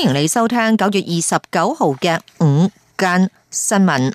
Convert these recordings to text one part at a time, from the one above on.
歡迎你收聽九月二十九號嘅午間新聞。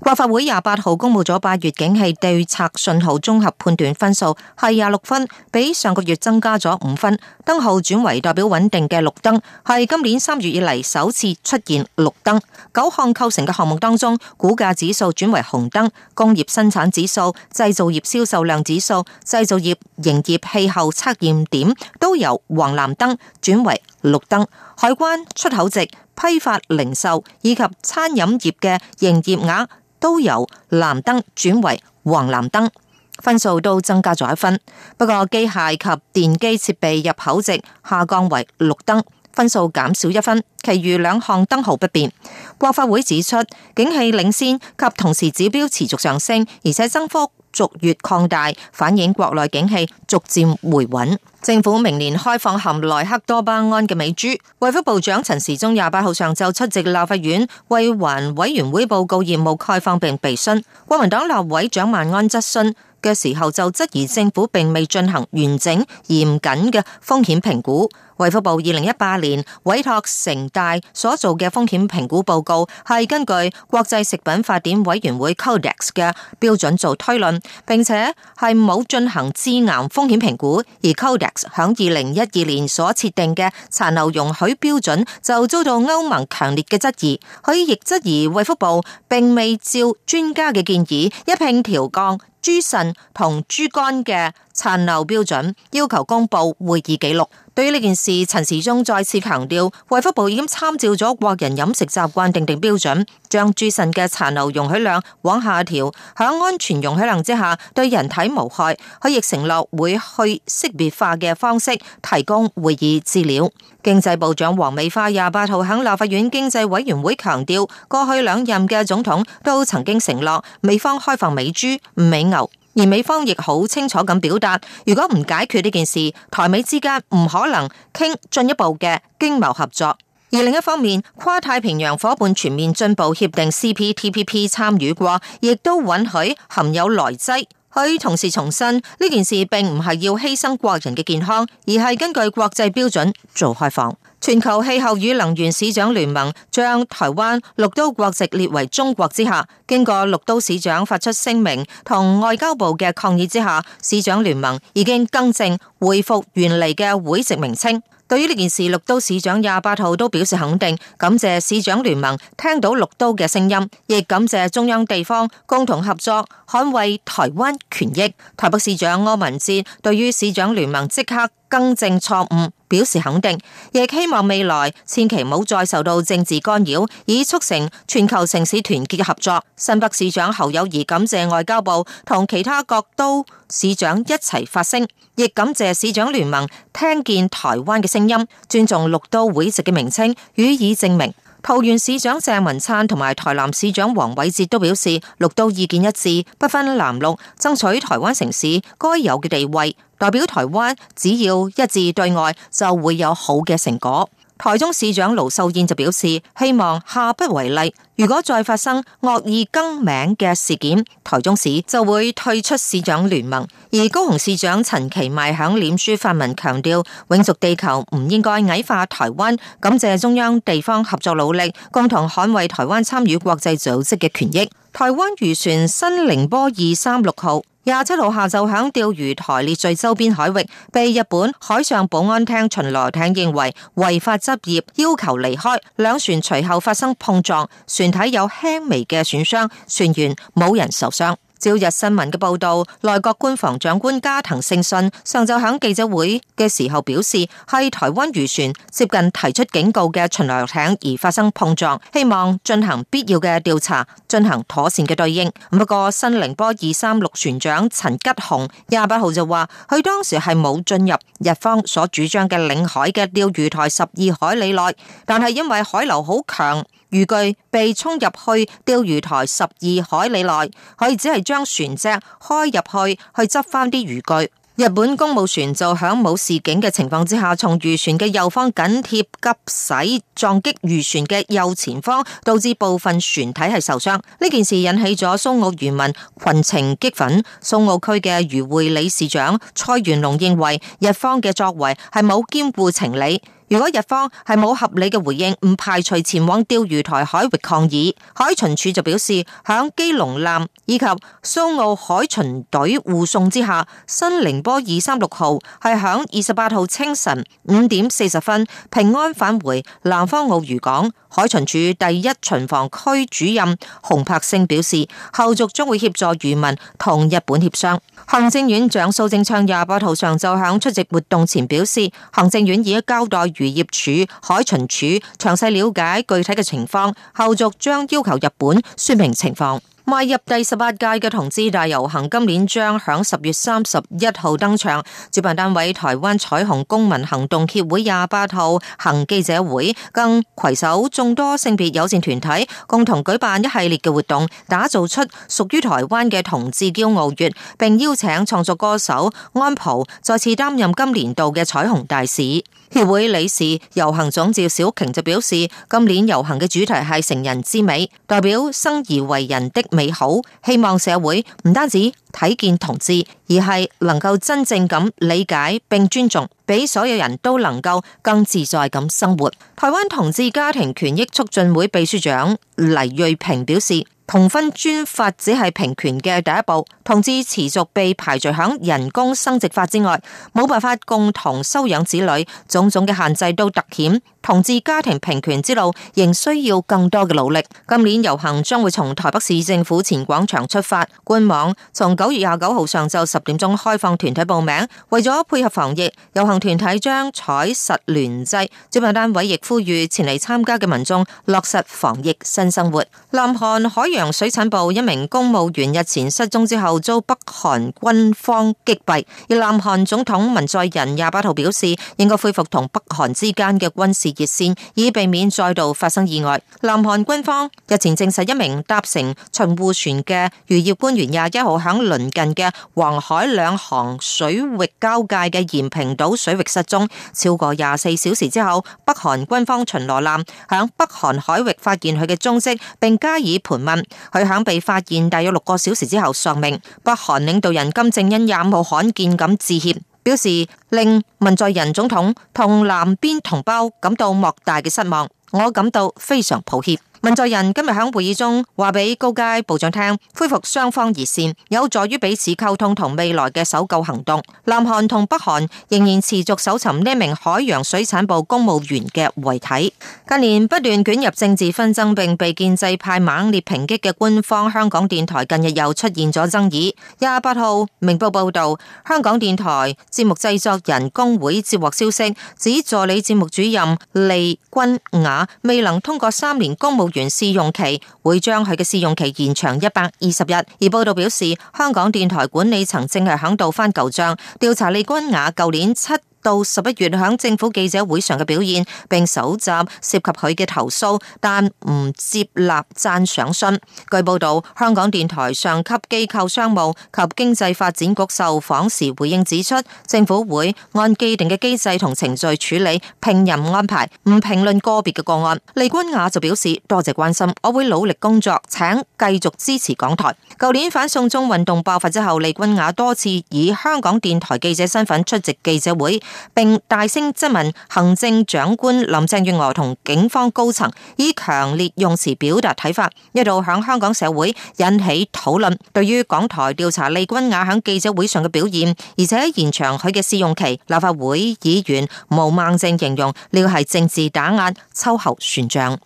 國發會廿八號公布咗八月景氣對策信號綜合判斷分數係廿六分，比上個月增加咗五分。燈號轉為代表穩定嘅綠燈，係今年三月以嚟首次出現綠燈。九項構成嘅項目當中，股價指數轉為紅燈、工業生產指數、製造業銷售量指數、製造業營業氣候測驗點都由黃藍燈轉為綠燈，海關出口值、批發零售以及餐飲業嘅營業額都由藍燈轉為黃藍燈，分數都增加咗一分。不過機械及電機設備入口值下降為綠燈，分數減少一分。其餘兩項燈號不變。國發會指出，景氣領先及同時指標持續上升，而且增幅逐月擴大，反映國內景氣逐漸回穩。政府明年開放含萊克多巴胺嘅美豬。衛福部長陳時中廿八號上晝出席立法院衛環委員會報告業務開放並備詢，國民黨立委蔣萬安質詢嘅時候就質疑政府並未進行完整嚴謹嘅風險評估。衛福部二零一八年委託成大所做嘅風險評估報告係根據國際食品發展委員會 Codex 嘅標準做推論，並且係冇進行致癌風險評估，而 Codex。響二零一二年所設定嘅殘留容許標準就遭到歐盟強烈嘅質疑，佢亦質疑衛福部並未照專家嘅建議一併調降豬腎同豬肝嘅殘留標準，要求公布會議記錄。對於呢件事，陳時中再次強調，衛福部已經參照咗國人飲食習慣定定標準，將豬腎嘅殘留容許量往下調，響安全容許量之下對人體無害。佢亦承諾會去識別化嘅方式提供會議資料。經濟部長王美花廿八號喺立法院經濟委員會強調，過去兩任嘅總統都曾經承諾美方開放美豬、美牛。而美方亦好清楚咁表達，如果唔解決呢件事，台美之間唔可能傾進一步嘅經貿合作。而另一方面，跨太平洋夥伴全面進步協定 （CPTPP） 參與國亦都允許含有萊劑，佢同時重申呢件事並唔係要犧牲國人嘅健康，而係根據國際標準做開放。全球氣候與能源市長聯盟將台灣六都國籍列為中國之下，經過六都市長發出聲明同外交部嘅抗議之下，市長聯盟已經更正回復原嚟嘅會籍名稱。對於呢件事，六都市長廿八號都表示肯定，感謝市長聯盟聽到六都嘅聲音，亦感謝中央地方共同合作捍衛台灣權益。台北市長柯文哲對於市長聯盟即刻更正錯誤，表示肯定，亦希望未來千祈唔好再受到政治干擾，以促成全球城市團結嘅合作。新北市長侯友宜感謝外交部同其他各都市長一齊發聲，亦感謝市長聯盟聽見台灣嘅聲音，尊重六都會籍嘅名稱，予以證明。桃園市長鄭文燦同埋台南市長黃偉哲都表示，六都意見一致，不分藍綠，爭取台灣城市該有嘅地位。代表台灣，只要一致對外就會有好嘅成果。台中市長盧秀燕就表示，希望下不為例。如果再發生惡意更名嘅事件，台中市就會退出市長聯盟。而高雄市長陳其邁喺臉書發文強調，永續地球唔應該矮化台灣，感謝中央地方合作努力，共同捍衛台灣參與國際組織嘅權益。台灣漁船新寧波二三六號。廿七號下午，響釣魚台列嶼周邊海域，被日本海上保安廳巡邏艇認為違法作業，要求離開。兩船隨後發生碰撞，船體有輕微嘅損傷，船員冇人受傷。《朝日新聞》嘅報道，內閣官房長官加藤勝信上晝響記者會嘅時候表示，係台灣漁船接近提出警告嘅巡邏艇而發生碰撞，希望進行必要嘅調查，進行妥善嘅對應。不過，新凌波二三六船長陳吉雄廿八號就話，佢當時係冇進入日方所主張嘅領海嘅釣魚台十二海里內，但係因為海流好強。漁具被沖入去釣魚台十二海里內，可以只係將船隻開入去去執翻啲漁具。日本公務船就響冇示警嘅情況之下，從漁船嘅右方緊貼急駛撞擊漁船嘅右前方，導致部分船體係受傷。呢件事引起咗蘇澳漁民群情激憤。蘇澳區嘅漁會理事長蔡元龍認為，日方嘅作為係冇兼顧情理。如果日方係冇合理嘅回應，唔排除前往釣魚台海域抗議。海巡署就表示，響基隆艦以及蘇澳海巡隊護送之下，新寧波二三六號係響二十八號清晨五點四十分平安返回南方澳漁港。海巡署第一巡防區主任洪柏星表示，後續將會協助漁民同日本協商。行政院長蘇貞昌廿八號上晝響出席活動前表示，行政院已經交代漁業署、海巡署詳細了解具體嘅情況，後續將要求日本說明情況。邁入第十八屆嘅同志大遊行，今年將響十月三十一號登場。主辦單位台灣彩虹公民行動協會廿八號行記者會，更攜手眾多性別友善團體，共同舉辦一系列嘅活動，打造出屬於台灣嘅同志驕傲月，並邀請創作歌手安溥再次擔任今年度嘅彩虹大使。協會理事遊行總召小瓊就表示，今年遊行嘅主題係成人之美，代表生而為人的美好，希望社會唔單止睇見同志，而係能夠真正咁理解並尊重，俾所有人都能夠更自在咁生活。台灣同志家庭權益促進會秘書長黎瑞平，表示。同分專法只係平權嘅第一步，同志持續被排除在響人工生殖法之外，冇辦法共同收養子女，種種嘅限制都凸顯同志家庭平權之路仍需要更多嘅努力。今年遊行將會從台北市政府前廣場出發。官網從九月廿九號上晝十點鐘開放團體報名。為咗配合防疫，遊行團體將採實聯制。舉辦單位亦呼籲前嚟參加嘅民眾落實防疫新生活。南韓海洋水產部一名公務員日前失蹤之後遭北韓軍方擊斃，而南韓總統文在寅廿八號表示應該恢復同北韓之間嘅軍事熱線，以避免再度發生意外。南韓軍方日前證實，一名搭乘巡護船嘅漁業官員廿一號響鄰近嘅黃海兩航水域交界嘅延坪島水域失蹤，超過廿四小時之後，北韓軍方巡邏艦響北韓海域發現佢嘅蹤跡，並加以盤問。佢響被發現大約六個小時之後喪命。北韓領導人金正恩廿五號罕見咁致歉。表示令文在寅總統同南邊同胞感到莫大嘅失望，我感到非常抱歉。文在寅今日喺會議中話俾高階部長聽，恢復雙方熱線有助於彼此溝通同未來嘅搜救行動。南韓同北韓仍然持續搜尋呢名海洋水產部公務員嘅遺體。近年不斷捲入政治紛爭並被建制派猛烈抨擊嘅官方香港電台，近日又出現咗爭議。廿八號明報報道，香港電台節目製作人工會接獲消息，指助理節目主任利君雅未能通過三年公務。完試用期會將佢嘅試用期延長一百二十日，而報道表示，香港電台管理層正係響度翻舊賬調查利君雅舊年七。到十一月響政府記者會上嘅表現，並搜集涉及佢嘅投訴，但唔接納讚賞信。據報道，香港電台上級機構商務及經濟發展局受訪時回應指出，政府會按既定嘅機制同程序處理聘任安排，唔評論個別嘅個案。利君雅就表示多謝關心，我會努力工作，請繼續支持港台。舊年反送中運動爆發之後，利君雅多次以香港電台記者身份出席記者會。並大聲質問行政長官林鄭月娥同警方高層，以強烈用詞表達睇法，一度響香港社會引起討論。對於港台調查利君雅響記者會上嘅表現，而且延長佢嘅試用期，立法會議員毛孟靜形容呢個係政治打壓、秋後算賬。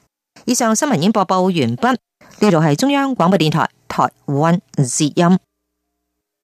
以上新聞已經播報完畢，呢度係中央廣播電台台灣之音。